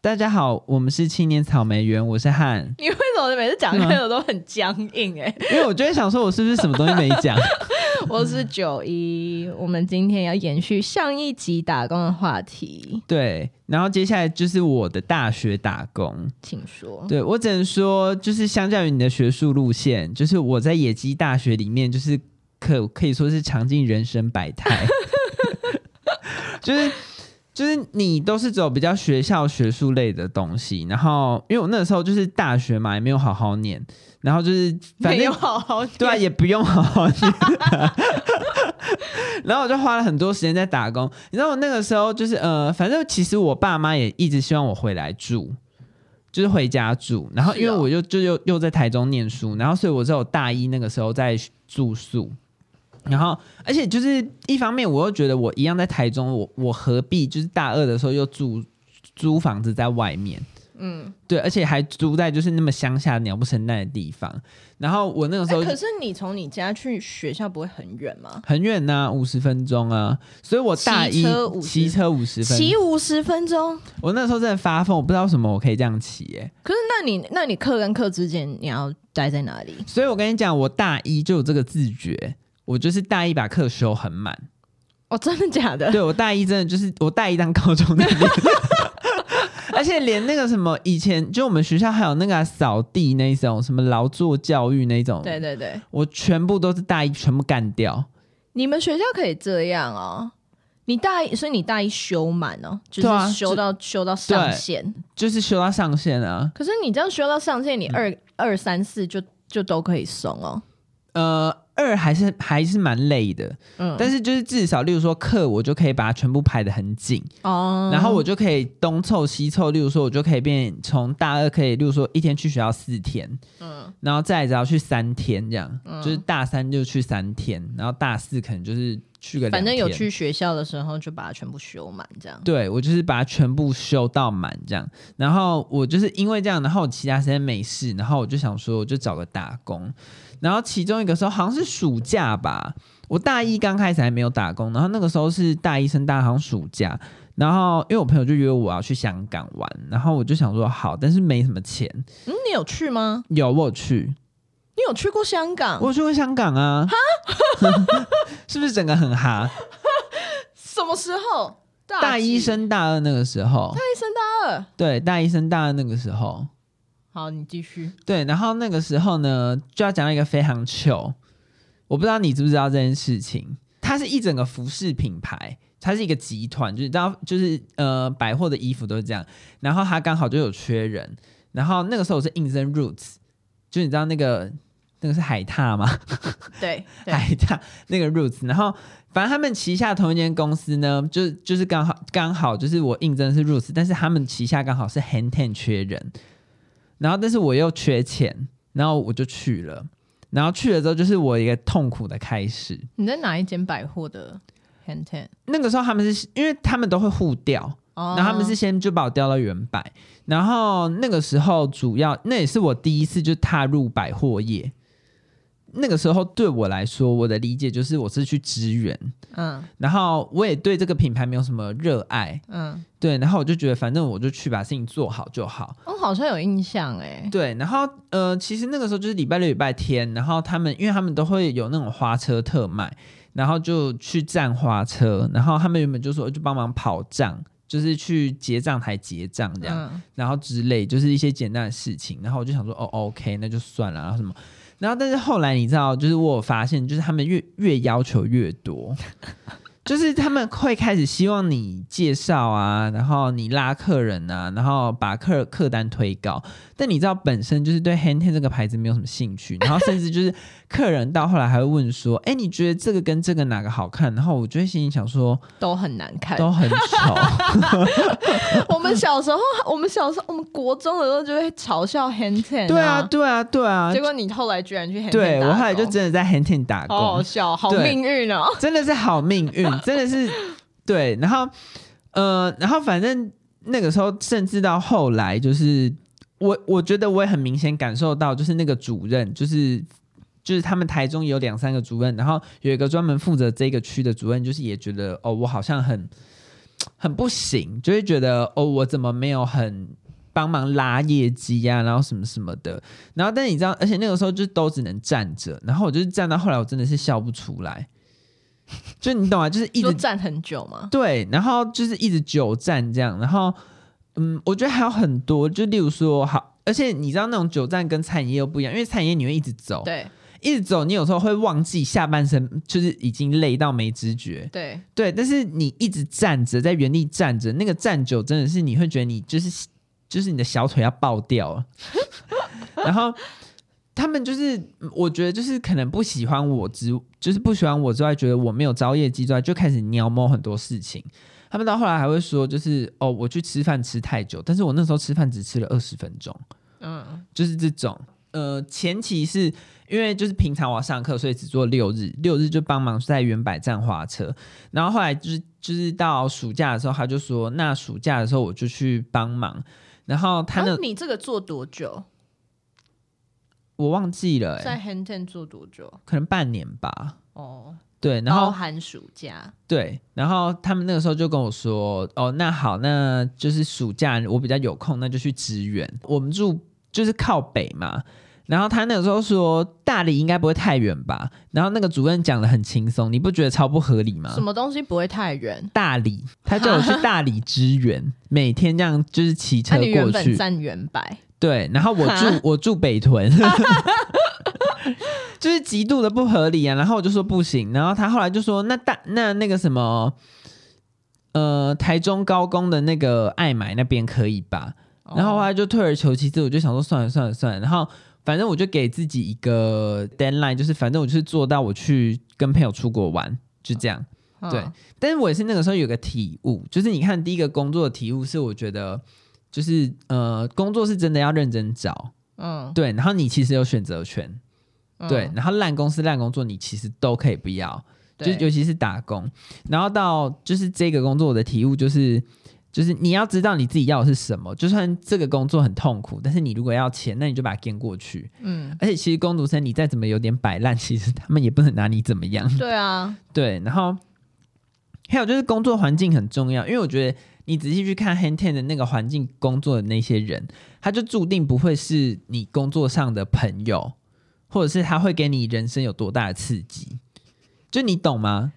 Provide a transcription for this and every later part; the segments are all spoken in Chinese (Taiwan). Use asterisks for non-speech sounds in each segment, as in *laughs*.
大家好，我們是青年草莓園，我是漢。你為什麼每次講開頭都很僵硬哎、欸嗯？因為我就在想說我是不是什麼東西沒講？ *laughs* 我是九一， *laughs* 我們今天要延續上一集打工的話題。對，然後接下來就是我的大學打工，請說。對，我只能說就是相較於你的學術路線，就是我在野雞大學裡面就是可可以說是嘗盡人生百態， *laughs* *laughs* 就是。就是你都是走比較學校學術類的東西，然後因為我那個時候就是大學嘛，也沒有好好念，然後就是反正沒有好好念，對啊，也不用好好念。 *laughs* *laughs* 然後我就花了很多時間在打工。你知道我那個時候就是呃，反正其實我爸媽也一直希望我回來住，就是回家住。然後因為我就、啊、就又又在台中念書，然後所以我只有大一那個時候在住宿。然後，而且就是一方面，我又覺得我一樣在台中，我我何必就是大二的時候又租租房子在外面？嗯，對，而且還租在就是那麼鄉下鳥不生蛋的地方。然後我那個時候、欸，可是你從你家去學校不會很遠嗎？很遠呢、啊，五十分鐘啊！所以我大一騎車五十分，騎五十分鐘。我那個時候真的發瘋，我不知道什麼我可以這樣騎耶、欸。可是那你那你課跟課之間你要待在哪裡？所以我跟你講，我大一就有這個自覺。我就是大一把課修很滿，哦，oh, 真的假的？對，我大一真的就是我大一當高中的、那個、 *laughs* *laughs* 而且連那個什麼以前就我們學校還有那個掃、啊、地那一種什麼勞作教育那一種，對對對，我全部都是大一全部幹掉。你們學校可以這樣哦、喔，你大一，所以你大一修滿哦、喔，就是修到,、啊、修,到修到上限，就是修到上限啊。可是你這樣修到上限，你二二三四就就都可以鬆哦、喔。呃。二還是還是蠻累的，嗯，但是就是至少，例如說課，我就可以把它全部排得很緊哦，嗯、然後我就可以東湊西湊，例如說，我就可以變成從大二可以，例如說一天去學校四天，嗯，然後再只要去三天這樣，嗯、就是大三就去三天，然後大四可能就是。去個，反正有去學校的時候就把它全部修滿，這樣。對，我就是把它全部修到滿這樣，然後我就是因為這樣，然後我其他時間沒事，然後我就想說，我就找個打工。然後其中一個時候好像是暑假吧，我大一剛開始還沒有打工，然後那個時候是大一升大二好像暑假，然後因為我朋友就約我要去香港玩，然後我就想說好，但是沒什麼錢。嗯，你有去嗎？有，我有去。你有去過香港？我有去過香港啊！哈蛤， *laughs* *laughs* 是不是整個很哈？ *laughs* 什麼時候？大一升大，大二那個時候。大一升大二。對，大一升大二那個時候。好，你繼續。對，然後那個時候呢，就要講到一個非常糗，我不知道你知不知道這件事情。它是一整個服飾品牌，它是一個集團，就是你知道，就是呃百貨的衣服都是這樣。然後它剛好就有缺人。然後那個時候我是 in the Roots，就你知道那個。那個是海獺嗎 *laughs* ？對，海獺那個 roots，然後反正他們旗下同一間公司呢，就就是剛好剛好就是我應徵是 roots，但是他們旗下剛好是 Hang Ten 缺人，然後但是我又缺錢，然後我就去了，然後去了之後就是我一個痛苦的開始。你在哪一間百貨的 Hang Ten？那個時候他們是因為他們都會互調，哦、然後他們是先就把我調到遠百，然後那個時候主要那也是我第一次就踏入百貨業。那個時候對我來說，我的理解就是我是去支援，嗯，然後我也對這個品牌沒有什麼熱愛，嗯，對，然後我就覺得反正我就去把事情做好就好。我、哦、好像有印象哎，對，然後呃，其實那個時候就是禮拜六、禮拜天，然後他們因為他們都會有那種花車特賣，然後就去站花車，然後他們原本就說就幫忙跑賬，就是去結賬台結賬這樣，嗯、然後之類就是一些簡單的事情，然後我就想說哦，OK，那就算了，然後什麼。然後，但是後來你知道，就是我有發現，就是他們越越要求越多，就是他們會開始希望你介紹啊，然後你拉客人啊，然後把客客單推高。但你知道，本身就是對 Hang Ten 這個牌子沒有什麼興趣，然後甚至就是。客人到後來還會問說：“哎，你覺得這個跟這個哪個好看？”然後我就會心裡想說：“都很難看，都很醜。” *laughs* *laughs* 我們小時候，我們小時候，我們國中的時候就會嘲笑 Hang Ten 對啊，對啊，對啊！結果你後來居然去 Hang Ten 打工。對，我後來就真的在 Hang Ten 打工，好好笑喔，好命運喔！真的是好命運，真的是對。然後，呃，然後反正那個時候，甚至到後來，就是我，我覺得我也很明顯感受到，就是那個主任，就是。就是他們台中有兩三個主任，然後有一個專門負責這個區的主任，就是也覺得哦，我好像很很不行，就會覺得哦，我怎麼沒有很幫忙拉業績呀、啊？然後什麼什麼的。然後，但你知道，而且那個時候就都只能站着，然後我就是站到後來，我真的是笑不出來。就你懂啊？就是一直站很久嗎？對，然後就是一直久站這樣。然後，嗯，我覺得還有很多，就例如說，好，而且你知道，那種久站跟餐飲業又不一樣，因為餐飲業你會一直走，對。一直走，你有時候會忘記下半身，就是已經累到沒知覺。對對，但是你一直站着，在原地站着，那個站久真的是你會覺得你就是就是你的小腿要爆掉了。 *laughs* 然後他們就是，我覺得就是可能不喜歡我之，就是不喜歡我之外，覺得我沒有招業績之外，就開始尿摸很多事情。他們到後來還會說，就是哦，我去吃飯吃太久，但是我那時候吃飯只吃了二十分鐘。嗯，就是這種。呃，前期是因為就是平常我要上課，所以只做六日，六日就幫忙在遠百站花車。然後後來就是就是到暑假的時候，他就說那暑假的時候我就去幫忙。然後他那、啊，你這個做多久？我忘記了、欸，在漢神做多久？可能半年吧。哦，對，然後寒暑假。對，然後他們那個時候就跟我說，哦，那好，那就是暑假我比較有空，那就去支援。我們住就是靠北嘛。然後他那個時候說，大里應該不會太遠吧？然後那個主任講得很輕鬆，你不覺得超不合理嗎？什麼東西不會太遠？大里，他叫我去大里支援，哈每天這樣就是騎車過去。三元百對，然後我住哈我住北屯，哈 *laughs* 就是極度的不合理啊！然後我就說不行，然後他後來就說那大那那個什麼，呃，台中高工的那個愛買那邊可以吧？哦、然後後來就退而求其次，我就想說算了算了算了，然後。反正我就給自己一個 deadline，就是反正我就是做到我去跟朋友出國玩，就這樣。嗯嗯、對，但是我也是那個時候有個體悟，就是你看第一個工作的體悟是我覺得就是呃工作是真的要認真找，嗯，對。然後你其實有選擇權，嗯、對。然後爛公司爛工作你其實都可以不要，就尤其是打工。對然後到就是這個工作的體悟就是。就是你要知道你自己要的是什麼，就算這個工作很痛苦，但是你如果要錢，那你就把它幹過去。嗯，而且其實工讀生你再怎麼有點擺爛，其實他們也不能拿你怎麼樣。對啊，對。然後還有、hey, 就是工作環境很重要，嗯、因為我覺得你仔細去看 Hang Ten 的那個環境工作的那些人，他就注定不會是你工作上的朋友，或者是他會給你人生有多大的刺激，就你懂嗎？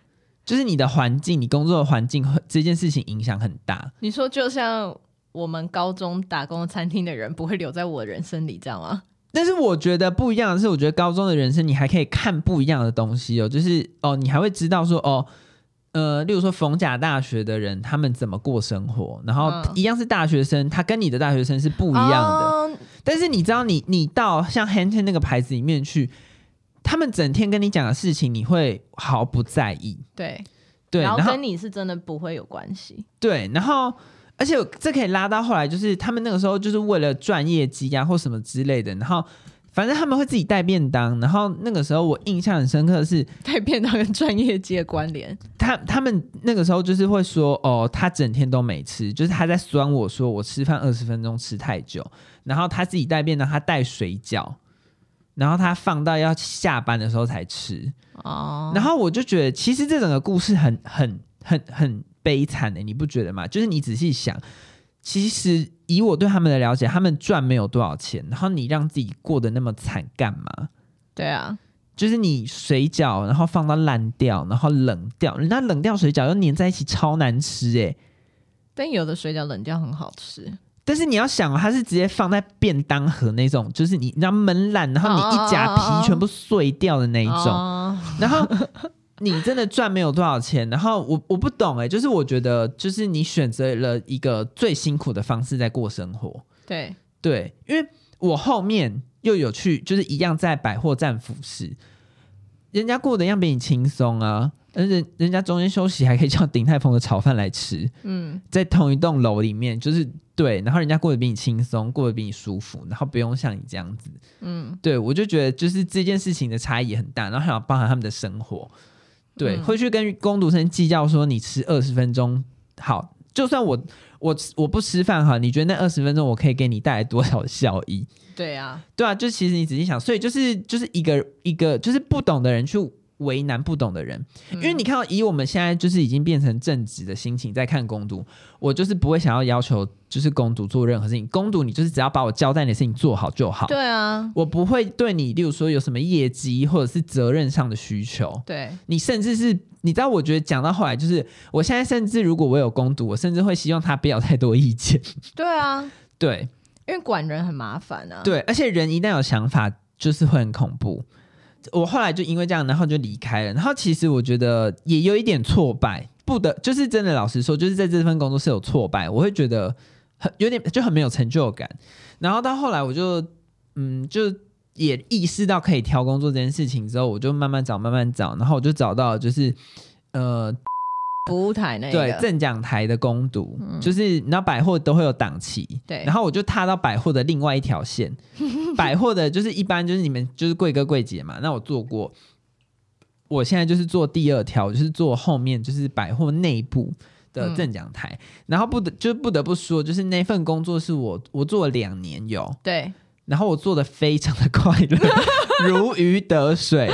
就是你的環境，你工作的環境這件事情影響很大。你說，就像我們高中打工餐廳的人不會留在我的人生裡，這樣嗎？但是我覺得不一樣的是，我覺得高中的人生你還可以看不一樣的東西哦。就是哦，你還會知道說哦，呃，例如說逢甲大學的人他們怎麼過生活，然後一樣是大學生，他跟你的大學生是不一樣的。嗯。但是你知道你，你你到像 Hang Ten 那個牌子裡面去。他們整天跟你講的事情，你會毫不在意。對，對，然後，然後跟你是真的不會有關係。對，然後而且我這可以拉到後來，就是他們那個時候就是為了賺業績啊或什麼之類的。然後反正他們會自己帶便當。然後那個時候我印象很深刻的是帶便當跟賺業績的關聯。他他們那個時候就是會說：“哦，他整天都沒吃，就是他在酸我說我吃飯二十分鐘吃太久。”然後他自己帶便當，他帶水餃。然後他放到要下班的時候才吃，oh. 然後我就覺得其實這整個故事很很很很悲慘的，你不覺得嗎？就是你仔細想，其實以我對他們的了解，他們賺沒有多少錢，然後你讓自己過得那麼慘幹嘛？對啊，就是你水餃然後放到爛掉，然後冷掉，人家冷掉水餃又粘在一起，超難吃哎。但有的水餃冷掉很好吃。但是你要想，它是直接放在便當盒那種，就是你，你知道悶爛，然後你一夾皮全部碎掉的那一種。Oh, oh, oh, oh. 然後你真的賺沒有多少錢。然後我我不懂哎、欸，就是我覺得，就是你選擇了一個最辛苦的方式在過生活。對對，因為我後面又有去，就是一樣在百貨站服飾，人家過得要比你輕鬆啊。人人人家中間休息還可以叫鼎泰豐的炒飯來吃，嗯，在同一棟樓裡面，就是對，然後人家過得比你輕鬆，過得比你舒服，然後不用像你這樣子，嗯，對，我就覺得就是這件事情的差異很大，然後還要包含他們的生活，對，嗯，會去跟工讀生計較說你吃二十分鐘好，就算我我我不吃飯哈，你覺得那二十分鐘我可以給你帶來多少效益？對啊，對啊，就其實你仔細想，所以就是就是一個一個就是不懂的人去。為難不懂的人，因為你看到，以我們現在就是已經變成正職的心情在看工讀，我就是不會想要要求就是工讀做任何事情，工讀你就是只要把我交代你的事情做好就好。對啊，我不會對你，例如說有什麼業績或者是責任上的需求。對，你甚至是你知道，我覺得講到後來，就是我現在甚至如果我有工讀，我甚至會希望他不要太多意見。對啊，對，因為管人很麻煩啊。對，而且人一旦有想法，就是會很恐怖。我後來就因為這樣，然後就離開了。然後其實我覺得也有一點挫敗，不得就是真的老實說，就是在這份工作是有挫敗，我會覺得很有點就很沒有成就感。然後到後來，我就嗯，就也意識到可以挑工作這件事情之後，我就慢慢找，慢慢找，然後我就找到就是呃。服務台那個對贈獎台的工讀，嗯、就是你知道百貨都會有檔期，對，然後我就踏到百貨的另外一條線， *laughs* 百貨的就是一般就是你們就是櫃哥櫃姐嘛，那我做過，我現在就是做第二條，我就是就是做後面就是百貨內部的贈獎台，嗯、然後不得就是不得不說，就是那份工作是我我做了兩年有，對，然後我做得非常的快樂， *laughs* 如魚得水，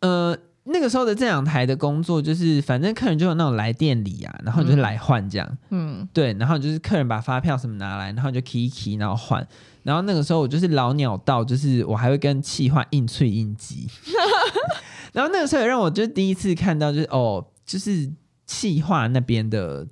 呃。那個時候的贈獎台的工作就是，反正客人就有那種來店裡啊，然後你就是來換這樣，嗯，嗯對，然後就是客人把發票什麼拿來，然後就 key key，然後換。然後那個時候我就是老鳥到，就是我還會跟企劃硬脆硬擠。 *laughs* *laughs* 然後那個時候也讓我就第一次看到，就是哦，就是企劃那邊的，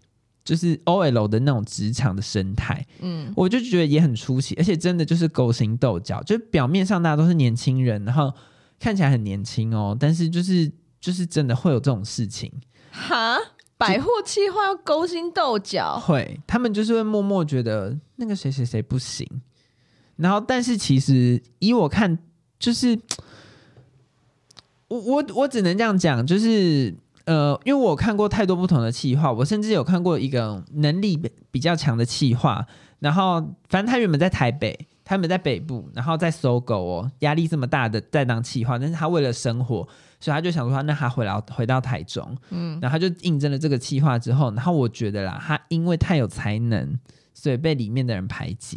就是 OL 的那種職場的生態，嗯，我就覺得也很出奇，而且真的就是勾心鬥角，就是表面上大家都是年輕人，然後。看起來很年輕哦，但是就是就是真的會有這種事情哈？百貨企劃要勾心鬥角，會他們就是會默默覺得那個誰誰誰不行，然後但是其實以我看，就是我我我只能這樣講，就是呃，因為我看過太多不同的企劃，我甚至有看過一個能力比較強的企劃，然後反正他原本在台北。他們在北部，然後在 SOGO 哦，壓力這麼大的在當企劃，但是他為了生活，所以他就想說，那他回來回到台中，嗯，然後他就應徵了這個企劃之後，然後我覺得啦，他因為太有才能，所以被裡面的人排擠。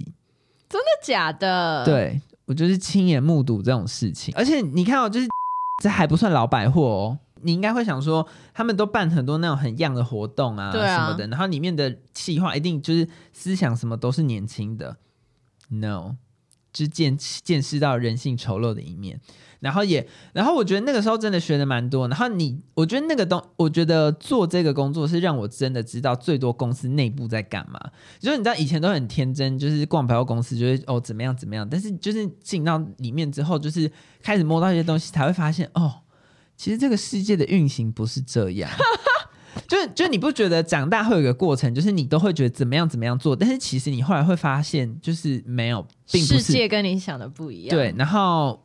真的假的？對，我就是親眼目睹這種事情，而且你看哦，就是這還不算老百貨哦，你應該會想說，他們都辦很多那種很 young 的活動啊，什麼的，啊、然後裡面的企劃一定就是思想什麼都是年輕的。No，就見見識到人性醜陋的一面，然後也，然後我覺得那個時候真的學的蠻多，然後你，我覺得那個東，我覺得做這個工作是讓我真的知道最多公司內部在幹嘛，就是你知道以前都很天真，就是逛百貨公司，就覺得，哦怎麼樣怎麼樣，但是就是進到裡面之後，就是開始摸到一些東西，才會發現哦，其實這個世界的運行不是這樣。 *laughs* 就就你不覺得長大會有個過程？就是你都會覺得怎麼樣怎麼樣做，但是其實你後來會發現，就是沒有，並不是世界跟你想的不一樣。對，然後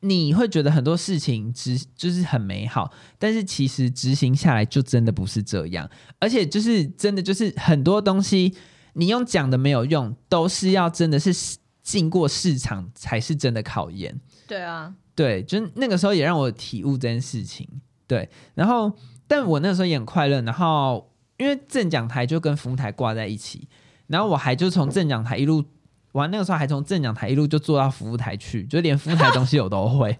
你會覺得很多事情執就是很美好，但是其實執行下來就真的不是這樣。而且就是真的就是很多東西你用講的沒有用，都是要真的是經過市場才是真的考驗。對啊，對，就是那個時候也讓我體悟這件事情。對，然後。但我那時候也很快樂，然後因為正講台就跟服務台掛在一起，然後我還就從正講台一路，我那個時候還從正講台一路就坐到服務台去，就連服務台東西我都會，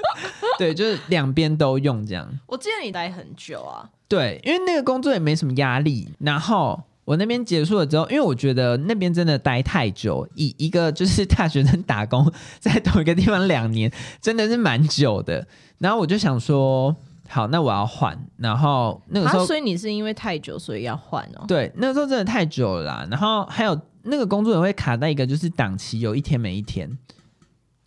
*laughs* 對，就是兩邊都用這樣。我記得你待很久啊，對，因為那個工作也沒什麼壓力。然後我那邊結束了之後，因為我覺得那邊真的待太久，一一個就是大學生打工在同一個地方兩年，真的是蠻久的。然後我就想說。好，那我要換。然後那個時候，啊，所以你是因為太久，所以要換哦？對，那個時候真的太久了啦。然後還有那個工作也會卡在一個，就是檔期有一天沒一天。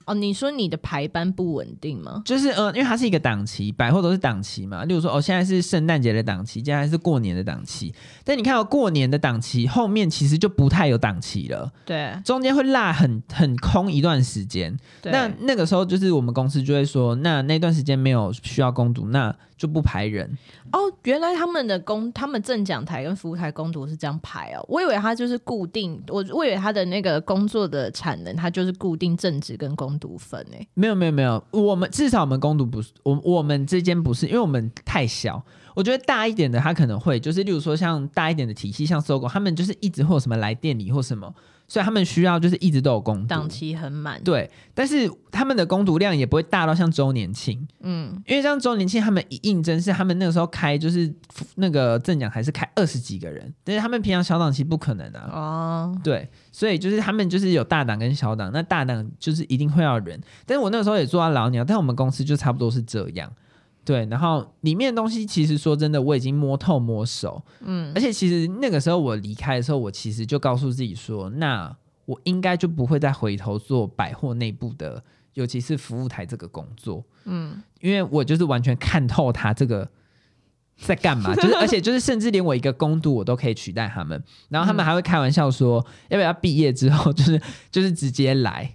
哦，你說你的排班不穩定嗎？就是呃，因為它是一個檔期，百貨都是檔期嘛。例如說，哦，現在是聖誕節的檔期，現在是過年的檔期。但你看到、哦、過年的檔期後面其實就不太有檔期了，對，中間會落很很空一段時間。對，那那個時候就是我們公司就會說，那那段時間沒有需要工讀，那就不排人。哦，原來他們的工、他們贈獎台跟服務台工讀是這樣排哦。我以為他就是固定，我我以為他的那個工作的產能，他就是固定正職跟工讀分呢。沒有沒有沒有，我們至少我們工讀不是我我們這間不是，因為我們太小。我覺得大一點的他可能會就是，例如說像大一點的體系，像 SOGO，他們就是一直會有什麼來店禮或什麼。所以他們需要就是一直都有工讀，檔期很滿，對，但是他們的工讀量也不會大到像周年慶，嗯，因為像周年慶他們一應徵，是他們那個時候開就是那個正獎還是開二十幾個人，但是他們平常小檔期不可能的、啊、哦，對，所以就是他們就是有大檔跟小檔，那大檔就是一定會要人，但是我那個時候也做到老鳥，但我們公司就差不多是這樣。對，然後裡面的東西其實說真的，我已經摸透摸熟，嗯，而且其實那個時候我離開的時候，我其實就告訴自己說，那我應該就不會再回頭做百貨內部的，尤其是服務台這個工作，嗯，因為我就是完全看透他這個在幹嘛，就是而且就是甚至連我一個工讀我都可以取代他們， *laughs* 然後他們還會開玩笑說要不要畢業之後就是就是直接來。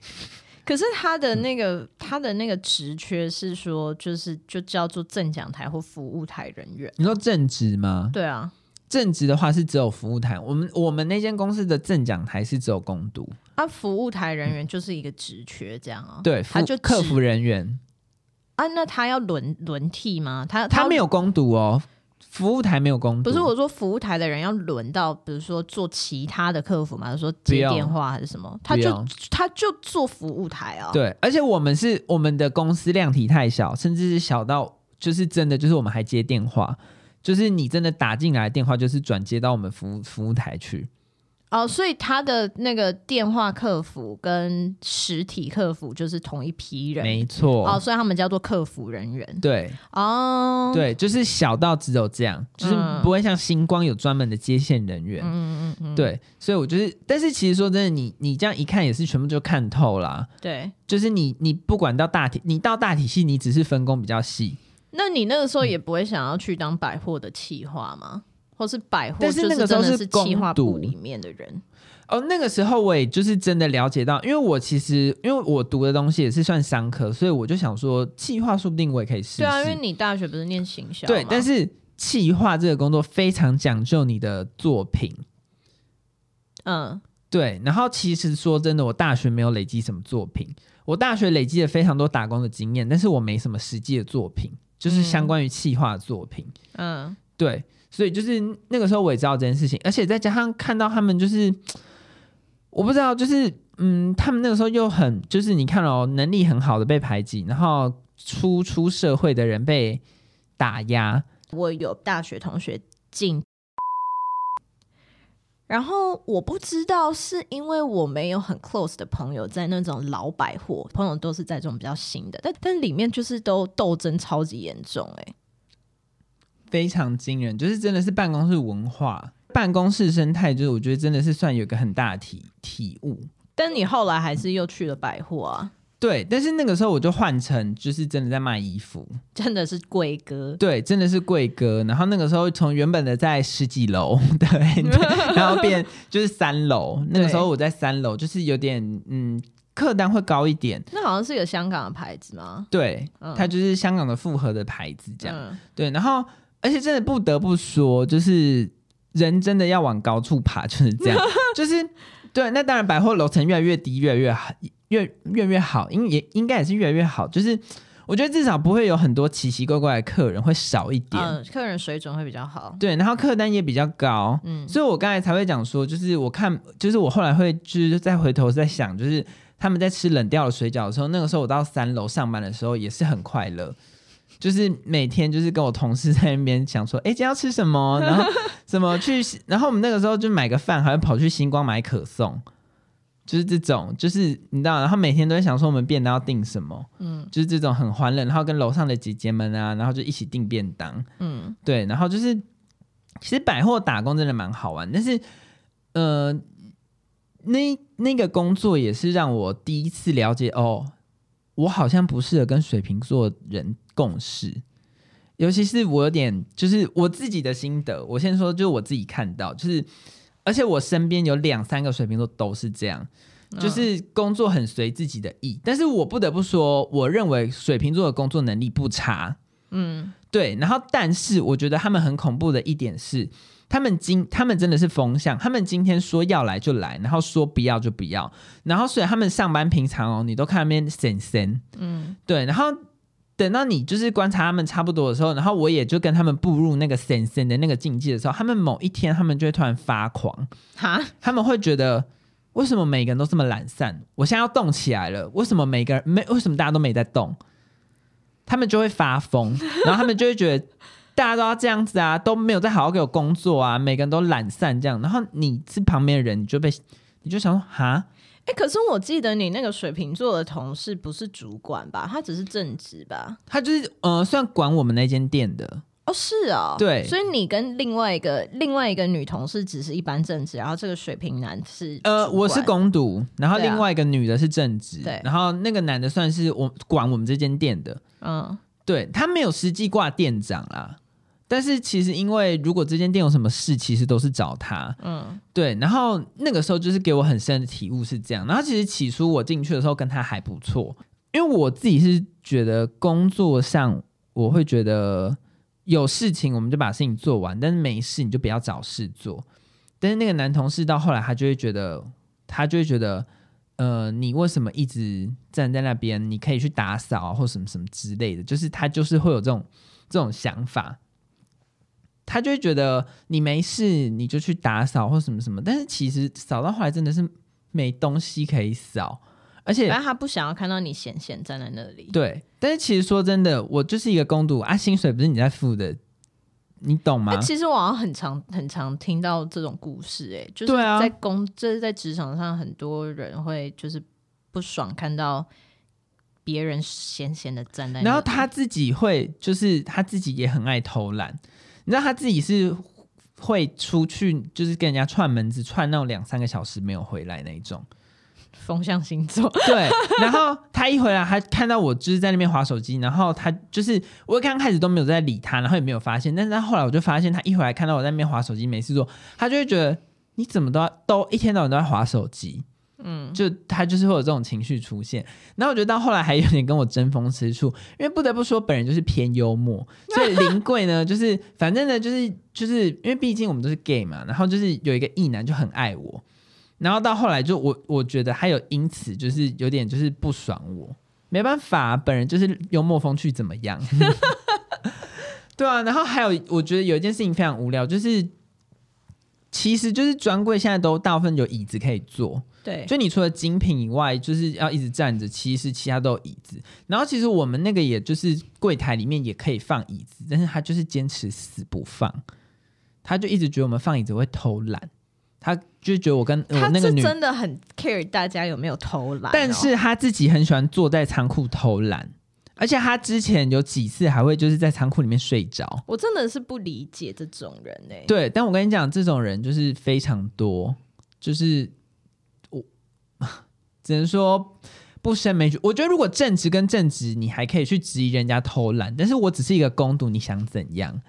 可是他的那個、嗯、他的那個職缺是說，就是就叫做贈獎台或服務台人員。你說正職嗎？對啊，正職的話是只有服務台。我們我們那間公司的贈獎台是只有工讀，他、啊、服務台人員就是一個職缺這樣啊、喔嗯。對，他就客服人員。啊，那他要輪輪替嗎？他他，他沒有工讀哦、喔。服務台沒有工作，不是我說服務台的人要輪到，比如說做其他的客服嘛？說接電話還是什麼？他就要他就做服務台哦？對，而且我們是我們的公司量體太小，甚至是小到就是真的就是我們還接電話，就是你真的打進來的電話就是轉接到我們服務服務台去。哦，所以他的那個電話客服跟實體客服就是同一批人，沒錯。哦，所以他們叫做客服人員。對，哦，oh, 對，就是小到只有這樣，就是不會像星光有專門的接線人員。嗯嗯嗯，對。所以我覺得，但是其實說真的你，你你這樣一看也是全部就看透啦。對，就是你你不管到大體，你到大體系，你只是分工比較細。那你那個時候也不會想要去當百貨的企劃嗎？都是百貨，但是那個時候是企劃部裡面的人。哦，那個時候我也就是真的了解到，因為我其實因為我讀的東西也是算商科，所以我就想說，企劃說不定我也可以試試。對啊，因為你大學不是念行銷，對，但是企劃這個工作非常講究你的作品。嗯，對。然後其實說真的，我大學沒有累積什麼作品。我大學累積了非常多打工的經驗，但是我沒什麼實際的作品，就是相關於企劃的作品。嗯，嗯對。所以就是那個時候我也知道這件事情，而且再加上看到他們就是，我不知道就是嗯，他們那個時候又很就是你看哦，能力很好的被排擠，然後初出社會的人被打壓。我有大學同學進，然後我不知道是因為我沒有很 close 的朋友在那種老百貨，朋友都是在這種比較新的，但但裡面就是都鬥爭超級嚴重誒、欸。非常驚人，就是真的是辦公室文化、辦公室生態，就是我覺得真的是算有個很大的體體悟。但你後來還是又去了百貨啊、嗯？對，但是那個時候我就換成就是真的在賣衣服，真的是櫃姐，對，真的是櫃姐。然後那個時候從原本的在十幾樓對，對，然後變就是三樓。 *laughs* 那個時候我在三樓，就是有點嗯，客單會高一點。那好像是一個香港的牌子嗎？對，它就是香港的複合的牌子這樣。嗯、對，然後。而且真的不得不說，就是人真的要往高處爬，就是這樣， *laughs* 就是對。那當然，百貨樓層越來越低，越來越好越越來越好，因也應該也是越來越好。就是我覺得至少不會有很多奇奇怪怪的客人，會少一點，啊、客人水準會比較好。對，然後客單也比較高。嗯，所以我剛才才會講說，就是我看，就是我後來會就是再回頭再想，就是他們在吃冷掉的水餃的時候，那個時候我到三樓上班的時候也是很快樂。就是每天就是跟我同事在那邊想說，哎、欸，今天要吃什麼？然後怎麼去？ *laughs* 然後我們那個時候就買個飯，還要跑去星光買可頌，就是這種，就是你知道，然後每天都在想說我們便當要訂什麼？嗯，就是這種很歡樂。然後跟樓上的姐姐們啊，然後就一起訂便當。嗯，對。然後就是其實百貨打工真的蠻好玩，但是呃，那那個工作也是讓我第一次了解哦，我好像不適合跟水瓶座人。共識，尤其是我有點，就是我自己的心得。我先說，就我自己看到，就是而且我身邊有兩三個水瓶座都是這樣，哦、就是工作很隨自己的意。但是我不得不說，我認為水瓶座的工作能力不差。嗯，對。然後，但是我覺得他們很恐怖的一點是，他們今他們真的是風向，他們今天說要來就來，然後說不要就不要，然後所以他們上班平常哦，你都看他們神神。嗯，對，然後。等到你就是觀察他們差不多的時候，然後我也就跟他們步入那個神仙的那個境界的時候，他們某一天他們就會突然發狂哈，他們會覺得為什麼每個人都這麼懶散？我現在要動起來了，為什麼每個人沒為什麼大家都沒在動？他們就會發瘋，然後他們就會覺得 *laughs* 大家都要這樣子啊，都沒有在好好給我工作啊，每個人都懶散這樣。然後你是旁邊的人，你就被你就想說哈哎、欸，可是我記得你那個水瓶座的同事不是主管吧？他只是正職吧？他就是呃，算管我們那間店的。哦，是哦，對。所以你跟另外一個另外一個女同事只是一般正職，然後這個水瓶男是呃，我是工讀，然後另外一個女的是正職，對、啊。然後那個男的算是我管我們這間店的，嗯，對，他沒有實際掛店長啦、啊。但是其實，因為如果這間店有什麼事，其實都是找他。嗯，對。然後那個時候就是給我很深的體悟是這樣。然後其實起初我進去的時候跟他還不錯，因為我自己是覺得工作上我會覺得有事情我們就把事情做完，但是沒事你就不要找事做。但是那個男同事到後來他就會覺得，他就會覺得，呃，你為什麼一直站在那邊？你可以去打掃啊，或什麼什麼之類的，就是他就是會有這種這種想法。他就會覺得你沒事，你就去打掃或什麼什麼。但是其實掃到後來真的是沒東西可以掃，而且而，他不想要看到你閒閒站在那裡。對，但是其實說真的，我就是一個工讀啊，薪水不是你在付的，你懂嗎？其實我很常很常聽到這種故事、欸，哎，就是在工，對啊、就是在職場上，很多人會就是不爽看到別人閒閒的站在那裡，然後他自己會就是他自己也很愛偷懶。你知道他自己是會出去，就是跟人家串門子串，那種兩三個小時沒有回來那一種。風象星座。對，然後他一回來，他看到我就是在那邊滑手機，然後他就是我剛開始都沒有在理他，然後也沒有發現，但是他後來我就發現，他一回來看到我在那邊滑手機，沒事做，他就會覺得你怎麼都要都一天到晚都在滑手機。嗯，就他就是會有這種情緒出現，然後我覺得到後來還有點跟我爭風吃醋，因為不得不說本人就是偏幽默，所以林貴呢就是反正呢就是就是因為畢竟我們都是 gay 嘛，然後就是有一個異男就很愛我，然後到後來就我我覺得他有因此就是有點就是不爽我，沒辦法啊，本人就是幽默風趣怎麼樣呵呵？對啊，然後還有我覺得有一件事情非常無聊，就是其實就是專櫃現在都大部分有椅子可以坐。對，所以你除了精品以外，就是要一直站着。其實其他都有椅子。然後其實我們那個也就是櫃檯裡面也可以放椅子，但是他就是堅持死不放。他就一直覺得我們放椅子會偷懶，他就覺得我跟他那個女他是真的很 care 大家有沒有偷懶哦。但是他自己很喜歡坐在倉庫偷懶，而且他之前有幾次還會就是在倉庫裡面睡着。我真的是不理解這種人呢欸。對，但我跟你講，這種人就是非常多，就是。只能說不勝枚舉。我覺得如果正職跟正職，你還可以去質疑人家偷懶，但是我只是一個工讀，你想怎樣？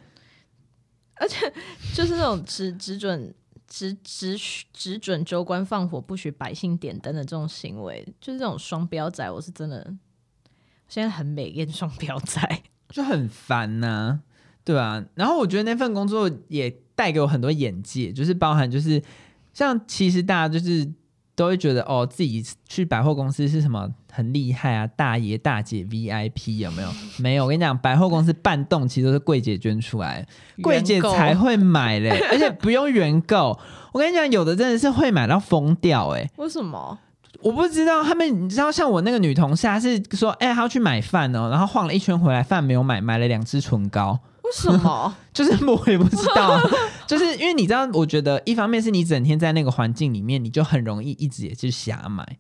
而且就是那種只只准只只許只准州官放火，不許百姓點燈的這種行為，就是這種雙標仔，我是真的現在很美艷雙標仔 *laughs* 就很煩吶、啊，對啊，然後我覺得那份工作也帶給我很多眼界，就是包含就是像其實大家就是。都會覺得哦，自己去百貨公司是什麼很厲害啊，大爺大姐 VIP 有沒有？ *laughs* 沒有，我跟你講，百貨公司半棟其實都是櫃姐捐出來的，櫃購姐才會買嘞， *laughs* 而且不用原購。我跟你講，有的真的是會買到瘋掉、欸，哎，為什麼？我不知道。他們你知道，像我那個女同事、啊，她是說，哎、欸，她要去買飯哦，然後晃了一圈回來，飯沒有買，買了兩支唇膏。什麼？就是我也不知道， *laughs* 就是因為你知道，我覺得一方面是你整天在那個環境裡面，你就很容易一直也去瞎買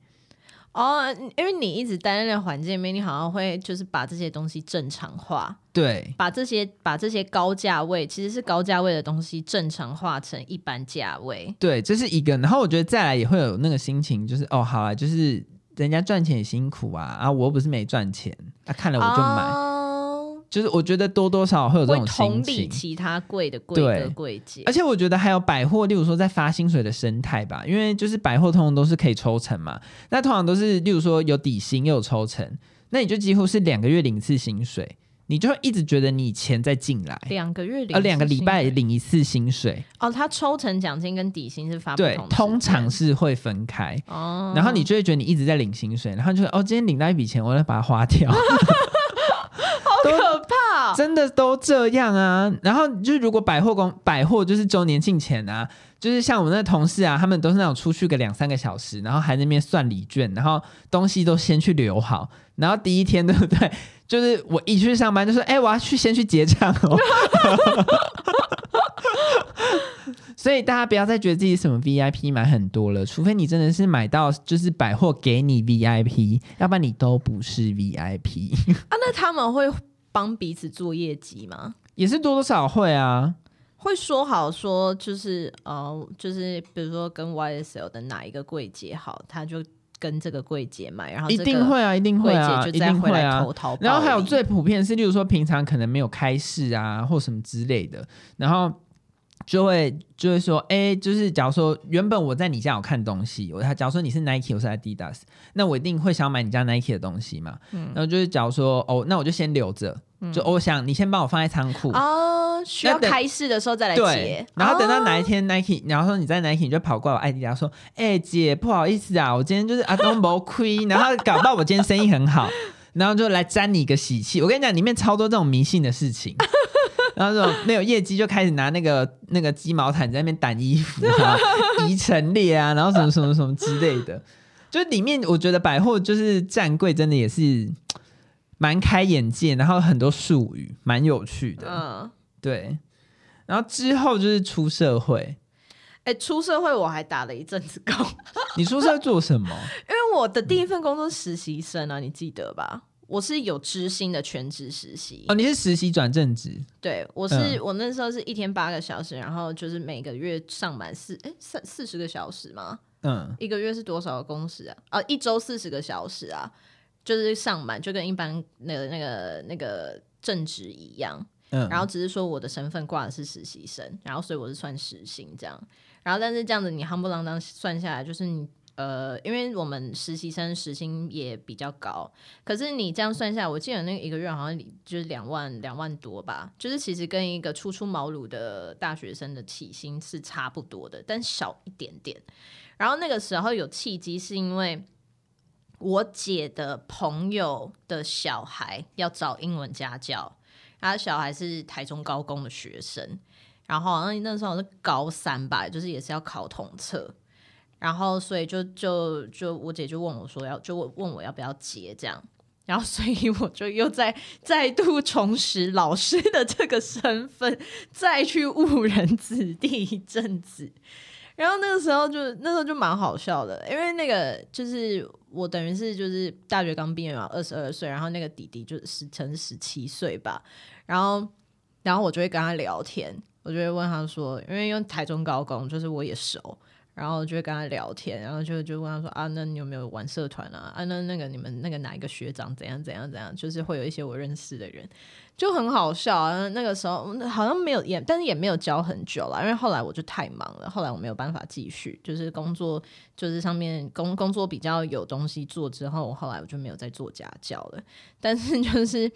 哦，因為你一直待在那個環境裡面，你好像會就是把這些東西正常化，對把，把這些把這些高價位其實是高價位的東西正常化成一般價位，對，這是一個。然後我覺得再來也會有那個心情，就是哦，好啊，就是人家賺錢也辛苦啊，啊，我又不是沒賺錢，他、啊、看了我就買。嗯就是我覺得多多少少會有這種心情，同理其他櫃的櫃的櫃姐，而且我覺得還有百貨，例如說在發薪水的生態吧，因為就是百貨通常都是可以抽成嘛，那通常都是例如說有底薪又有抽成，那你就幾乎是兩個月領一次薪水，你就會一直覺得你錢在進來兩個月，呃兩個禮拜領一次薪水哦，他抽成獎金跟底薪是發不同，通常是會分開哦，然後你就會覺得你一直在領薪水，然後你就會你然後你就哦今天領到一筆錢，我要把它花掉， *laughs* 好可。真的都這樣啊，然後就是如果百貨公，百貨就是周年慶前啊，就是像我們那同事啊，他們都是那種出去個兩三個小時，然後還在那邊算禮券，然後東西都先去留好，然後第一天對不對？就是我一去上班就說，哎，我要去先去結賬哦。 *laughs* *laughs* 所以大家不要再覺得自己什麼 VIP 買很多了，除非你真的是買到就是百貨給你 VIP，要不然你都不是 VIP。啊，那他們會。幫彼此做業績嗎？也是多多少會啊，會說好說，就是呃，就是比如說跟 YSL 的哪一個櫃姐好，他就跟這個櫃姐買，然後就一定會啊，一定會啊，一定會啊，投桃報李。然後還有最普遍是，例如說平常可能沒有開市啊，或什麼之類的，然後。就會就會說，哎，就是假如說原本我在你家有看東西，我他假如說你是 Nike，我是 Adidas，那我一定會想買你家 Nike 的東西嘛。嗯、然後就是假如說，哦，那我就先留着，嗯、就我想你先幫我放在倉庫哦，需要開市的時候再來接。然後等到哪一天 Nike，、哦、然後說你在 Nike，你就跑過來 Adidas 說，哎，姐，不好意思啊，我今天就是阿都沒虧， *laughs* 然後搞不好我今天生意很好， *laughs* 然後就來沾你一個喜氣。我跟你講，裡面超多這種迷信的事情。 *laughs* *laughs* 然後那種沒有業績就開始拿那個那個雞毛毯，在那邊撣衣服啊，然後移陳列啊，然後什麼什麼什麼之類的。就裡面我覺得百貨就是站櫃，真的也是蠻開眼界，然後很多術語蠻有趣的。嗯，對。然後之後就是出社會，哎、欸，出社會我還打了一陣子工。 *laughs* *laughs* 你說是在做什麼？因為我的第一份工作是實習生啊，你記得吧？我是有支薪的全職實習哦，你是實習轉正職。對我是，嗯、我那時候是一天八個小時，然後就是每個月上滿四，哎，四四十個小時嗎？嗯，一個月是多少個工時啊？哦，一周四十個小時啊，就是上滿，就跟一般那個那個那個正職一樣，嗯，然後只是說我的身份掛的是實習生，然後所以我是算時薪這樣，然後但是這樣子你夯不啷當算下來，就是你。呃，因為我們實習生時薪也比較高，可是你這樣算下來，我記得那個一個月好像就是兩萬兩萬多吧，就是其實跟一個初出茅廬的大學生的起薪是差不多的，但少一點點。然後那個時候有契機，是因為我姐的朋友的小孩要找英文家教，他小孩是台中高工的學生，然後那時候是高三吧，就是也是要考統測。然後，所以就就就我姐就問我說，要就問問我要不要接這樣，然後所以我就又再再度重拾老師的這個身份，再去誤人子弟一陣子。然後那個時候就那時候就蠻好笑的，因為那個就是我等於是就是大學剛畢業嘛，二十二歲，然後那個弟弟就十乘十七歲吧，然後然後我就會跟他聊天，我就會問他說，因為用台中高工就是我也熟。然後就跟他聊天，然後就就問他說啊，那你有沒有玩社團啊？啊，那那個你們那個哪一個學長怎樣怎樣怎樣？就是會有一些我認識的人，就很好笑啊。那個時候好像沒有也，但是也沒有教很久了，因為後來我就太忙了，後來我沒有辦法繼續，就是工作，就是上面工工作比較有東西做之後，我後來我就沒有再做家教了。但是就是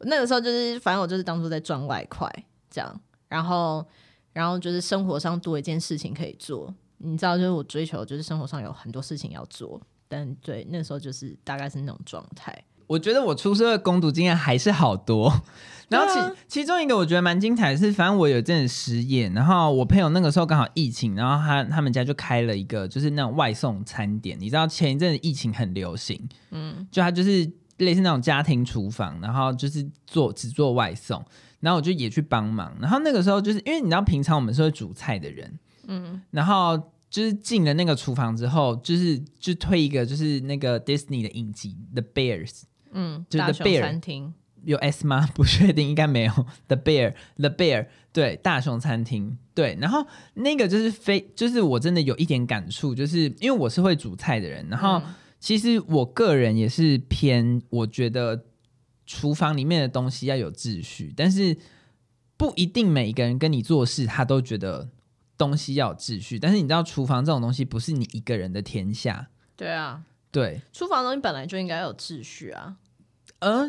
那個時候，就是反正我就是當作在賺外快這樣，然後然後就是生活上多一件事情可以做。你知道，就是我追求，就是生活上有很多事情要做，但對那時候就是大概是那種狀態。我覺得我出社會的工讀經驗還是好多，啊、然後其其中一個我覺得蠻精彩的是，反正我有一陣子失業，然後我朋友那個時候剛好疫情，然後他他們家就開了一個就是那種外送餐點，你知道前一陣子疫情很流行，嗯，就他就是類似那種家庭廚房，然後就是做只做外送，然後我就也去幫忙。然後那個時候就是因為你知道平常我們是會煮菜的人。嗯，然後就是進了那個廚房之後，就是就推一個就是那個 Disney 的影集《The Bears》，嗯，就是《The Bears》餐廳，就 The Bear，有 S 嗎？不確定，應該沒有。The Bear，The Bear，對，大熊餐廳，對。然後那個就是非，就是我真的有一點感觸，就是因為我是會煮菜的人，然後其實我個人也是偏我覺得廚房裡面的東西要有秩序，但是不一定每一個人跟你做事，他都覺得。東西要有秩序，但是你知道廚房這種東西不是你一個人的天下。對啊，對，廚房東西本來就應該要有秩序啊。嗯、呃，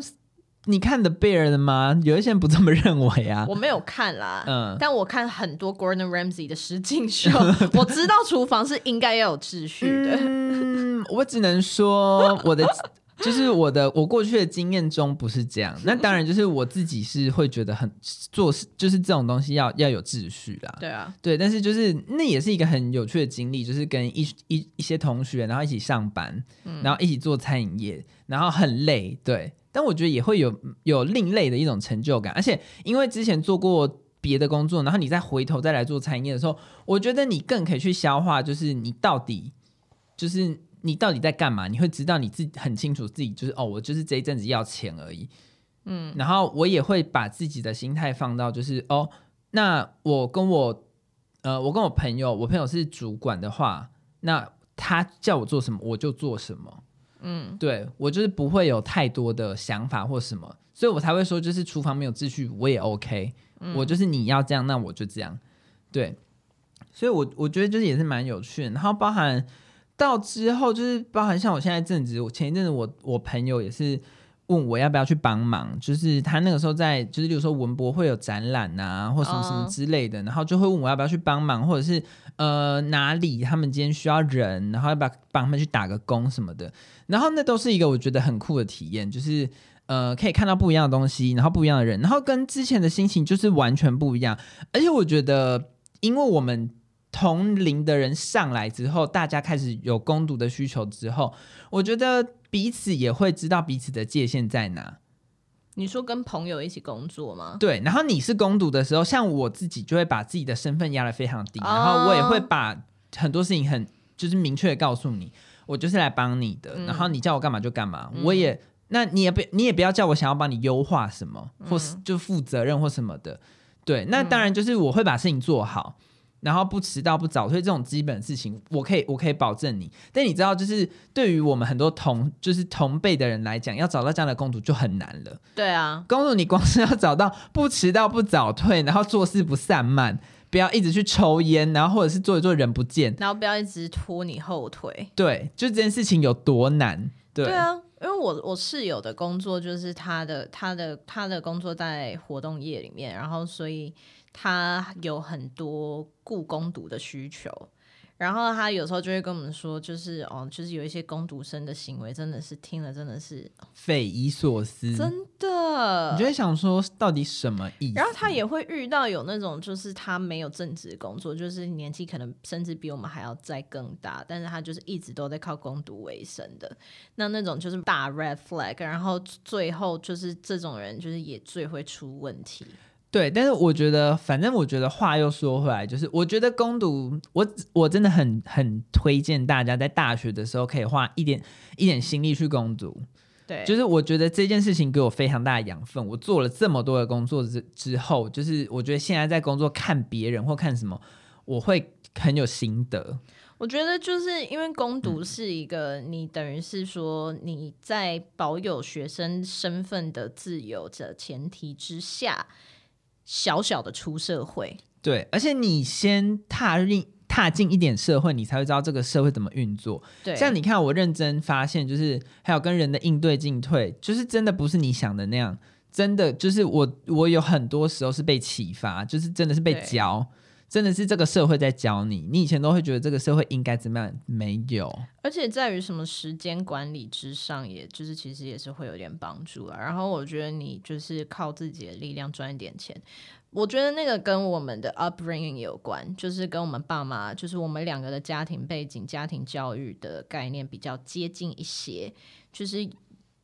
你看 The Bear 的嗎？有一些人不這麼認為啊。我沒有看啦，嗯、呃，但我看很多 Gordon Ramsay 的實境秀，對我知道廚房是應該要有秩序的。嗯，我只能說我的。 *laughs* 就是我的我過去的經驗中不是這樣，那當然就是我自己是會覺得很做事，就是這種東西要要有秩序啦。對啊，對，但是就是那也是一個很有趣的經歷，就是跟一一一些同學然後一起上班，然後一起做餐飲業，然後很累，對。但我覺得也會有有另類的一種成就感，而且因為之前做過別的工作，然後你再回頭再來做餐飲業的時候，我覺得你更可以去消化，就是你到底就是。你到底在幹嘛？你會知道你自己很清楚自己就是哦，我就是這一陣子要錢而已，嗯。然後我也會把自己的心態放到就是哦，那我跟我呃，我跟我朋友，我朋友是主管的話，那他叫我做什麼我就做什麼，嗯。對我就是不會有太多的想法或什麼，所以我才會說就是廚房沒有秩序我也 OK，嗯，我就是你要這樣，那我就這樣，對。所以我我覺得就是也是蠻有趣的，然後包含。到之後就是包含像我現在一陣子，我前一陣子我我朋友也是問我要不要去幫忙，就是他那個時候在就是比如說文博會有展覽啊，或什麼什麼之類的，然後就會問我要不要去幫忙，或者是呃哪裡他們今天需要人，然後要不要幫他們去打個工什麼的，然後那都是一個我覺得很酷的體驗，就是呃可以看到不一樣的東西，然後不一樣的人，然後跟之前的心情就是完全不一樣，而且我覺得因為我們。同齡的人上來之後，大家開始有工讀的需求之後，我覺得彼此也會知道彼此的界限在哪。你說跟朋友一起工作嗎？對，然後你是工讀的時候，像我自己就會把自己的身份壓得非常低，然後我也會把很多事情很就是明確的告訴你，我就是來幫你的，然後你叫我幹嘛就幹嘛。嗯、我也那你也不你也不要叫我想要幫你優化什麼，或是就負責任或什麼的。對，那當然就是我會把事情做好。然後不遲到不早退這種基本事情，我可以我可以保證你。但你知道，就是對於我們很多同就是同輩的人來講，要找到這樣的工作就很難了。對啊，工作你光是要找到不遲到不早退，然後做事不散漫，不要一直去抽菸，然後或者是做一做人不見，然後不要一直拖你後腿。對，就這件事情有多難？對，對啊，因為我我室友的工作就是他的他的他的工作在活動業裡面，然後所以。他有很多僱工讀的需求，然後他有時候就會跟我們說，就是哦，就是有一些工讀生的行為，真的是聽了真的是匪夷所思，真的。你就會想說，到底什麼意思？然後他也會遇到有那種，就是他沒有正職工作，就是年紀可能甚至比我們還要再更大，但是他就是一直都在靠工讀為生的。那那種就是大 red flag，然後最後就是這種人就是也最會出問題。對，但是我覺得，反正我覺得話又說回來，就是我覺得工讀，我我真的很很推薦大家在大學的時候可以花一點一點心力去工讀。對，就是我覺得這件事情給我非常大的養分。我做了這麼多的工作之之後，就是我覺得現在在工作看別人或看什麼，我會很有心得。我覺得就是因為工讀是一個，你等於是說你在保有學生身份的自由的前提之下，小小的出社會，對，而且你先踏進踏進一點社會，你才會知道這個社會怎麼運作。對，像你看，我認真發現，就是還有跟人的應對進退，就是真的不是你想的那樣，真的就是我我有很多時候是被啟發，就是真的是被教。真的是這個社會在教你，你以前都會覺得這個社會應該怎麼樣？沒有，而且在於什麼時間管理之上，也就是其實也是會有點幫助了啊。然後我覺得你就是靠自己的力量賺一點錢，我覺得那個跟我們的 upbringing 有關，就是跟我們爸媽，就是我們兩個的家庭背景、家庭教育的概念比較接近一些，就是。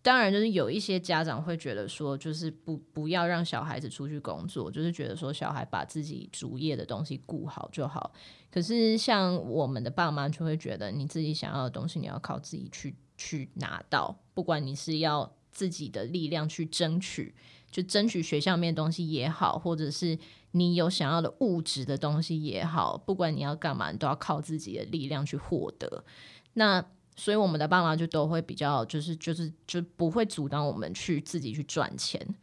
當然，就是有一些家長會覺得說，就是不不要讓小孩子出去工作，就是覺得說小孩把自己主業的東西顧好就好。可是，像我們的爸媽就會覺得，你自己想要的東西，你要靠自己去去拿到。不管你是要自己的力量去爭取，就爭取學校面的東西也好，或者是你有想要的物質的東西也好，不管你要幹嘛，你都要靠自己的力量去獲得。那。所以我們的爸媽就都會比較，就是就是就不會阻擋我們去自己去賺錢。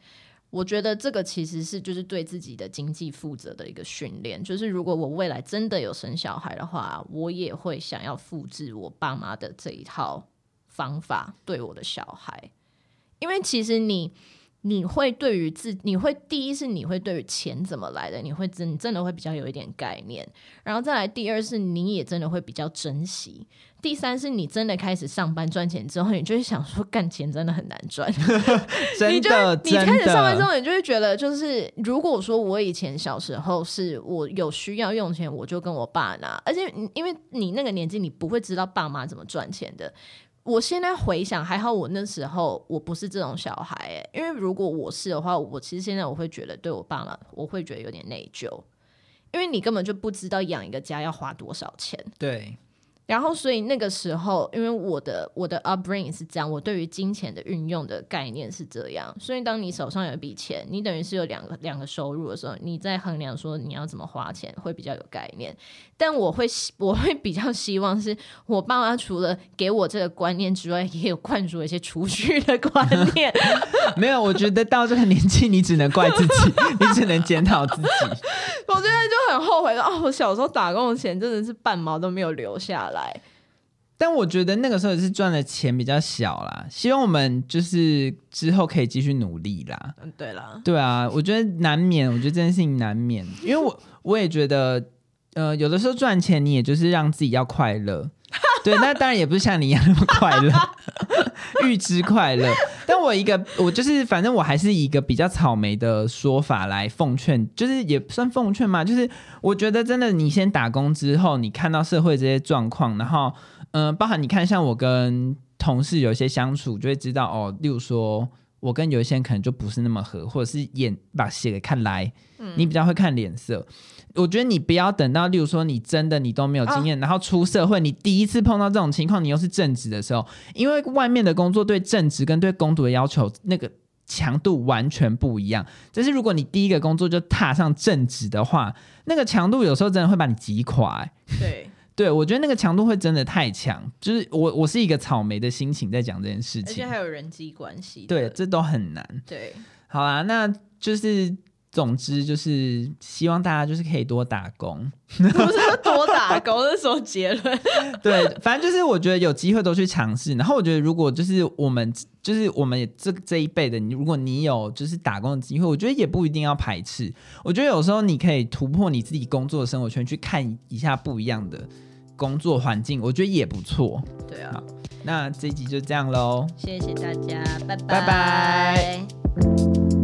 我覺得這個其實是就是對自己的經濟負責的一個訓練。就是如果我未來真的有生小孩的話，我也會想要複製我爸媽的這一套方法對我的小孩，因為其實你。你會對於自你會第一是你會對於錢怎麼來的，你會真的你真的會比較有一點概念，然後再來第二是你也真的會比較珍惜，第三是你真的開始上班賺錢之後，你就會想說，幹錢真的很難賺， *laughs* 真的 *laughs* 你就是、真的你開始上班之後，你就會覺得就是如果說我以前小時候是我有需要用錢，我就跟我爸拿，而且因為你那個年紀，你不會知道爸媽怎麼賺錢的。我現在回想，還好我那時候我不是這種小孩，欸，因為如果我是的話，我其實現在我會覺得對我爸媽，我會覺得有點內疚，因為你根本就不知道養一個家要花多少錢。對。然後，所以那個時候，因為我的我的 upbringing 是這樣，我對於金錢的運用的概念是這樣。所以，當你手上有一筆錢，你等於是有兩個兩個收入的時候，你在衡量說你要怎麼花錢會比較有概念。但我會我會比較希望是我爸媽除了給我這個觀念之外，也有灌輸一些儲蓄的觀念。 *laughs* 沒有，我覺得到這個年紀，你只能怪自己， *laughs* *laughs* 你只能檢討自己。我覺得就很後悔哦，我小時候打工的錢真的是半毛都沒有留下來。但我覺得那個時候也是賺的錢比較小啦，希望我們就是之後可以繼續努力啦。對啦。對啊，我覺得難免，我覺得這件事情難免， *laughs* 因為我我也覺得，呃，有的時候賺錢你也就是讓自己要快樂， *laughs* 對，那當然也不是像你一樣那麼快樂， *laughs* 預知快樂。 *laughs* 但我一個，我就是反正我還是以一個比較草莓的說法來奉勸，就是也算奉勸嘛。就是我覺得真的，你先打工之後，你看到社會這些狀況，然後嗯、呃，包含你看像我跟同事有一些相處，就會知道哦。例如說我跟有一些人可能就不是那麼合，或者是演把戲給看來。你比較會看臉色，我覺得你不要等到，例如說你真的你都沒有經驗，啊、然後出社會，你第一次碰到這種情況，你又是正職的時候，因為外面的工作對正職跟對工讀的要求那個強度完全不一樣。就是如果你第一個工作就踏上正職的話，那個強度有時候真的會把你擊垮，欸。對， *laughs* 對，我覺得那個強度會真的太強。就是我，我是一個草莓的心情在講這件事情，而且還有人際關係，對，這都很難。對，好啦，那就是。總之就是希望大家就是可以多打工，不是說多打工是 *laughs* 什麼結論？對，反正就是我覺得有機會都去嘗試。然後我覺得如果就是我們就是我們這這一輩的，你如果你有就是打工的機會，我覺得也不一定要排斥。我覺得有時候你可以突破你自己工作的生活圈，去看一下不一樣的工作環境，我覺得也不錯。對啊，那這一集就這樣嘍，謝謝大家，拜拜。Bye bye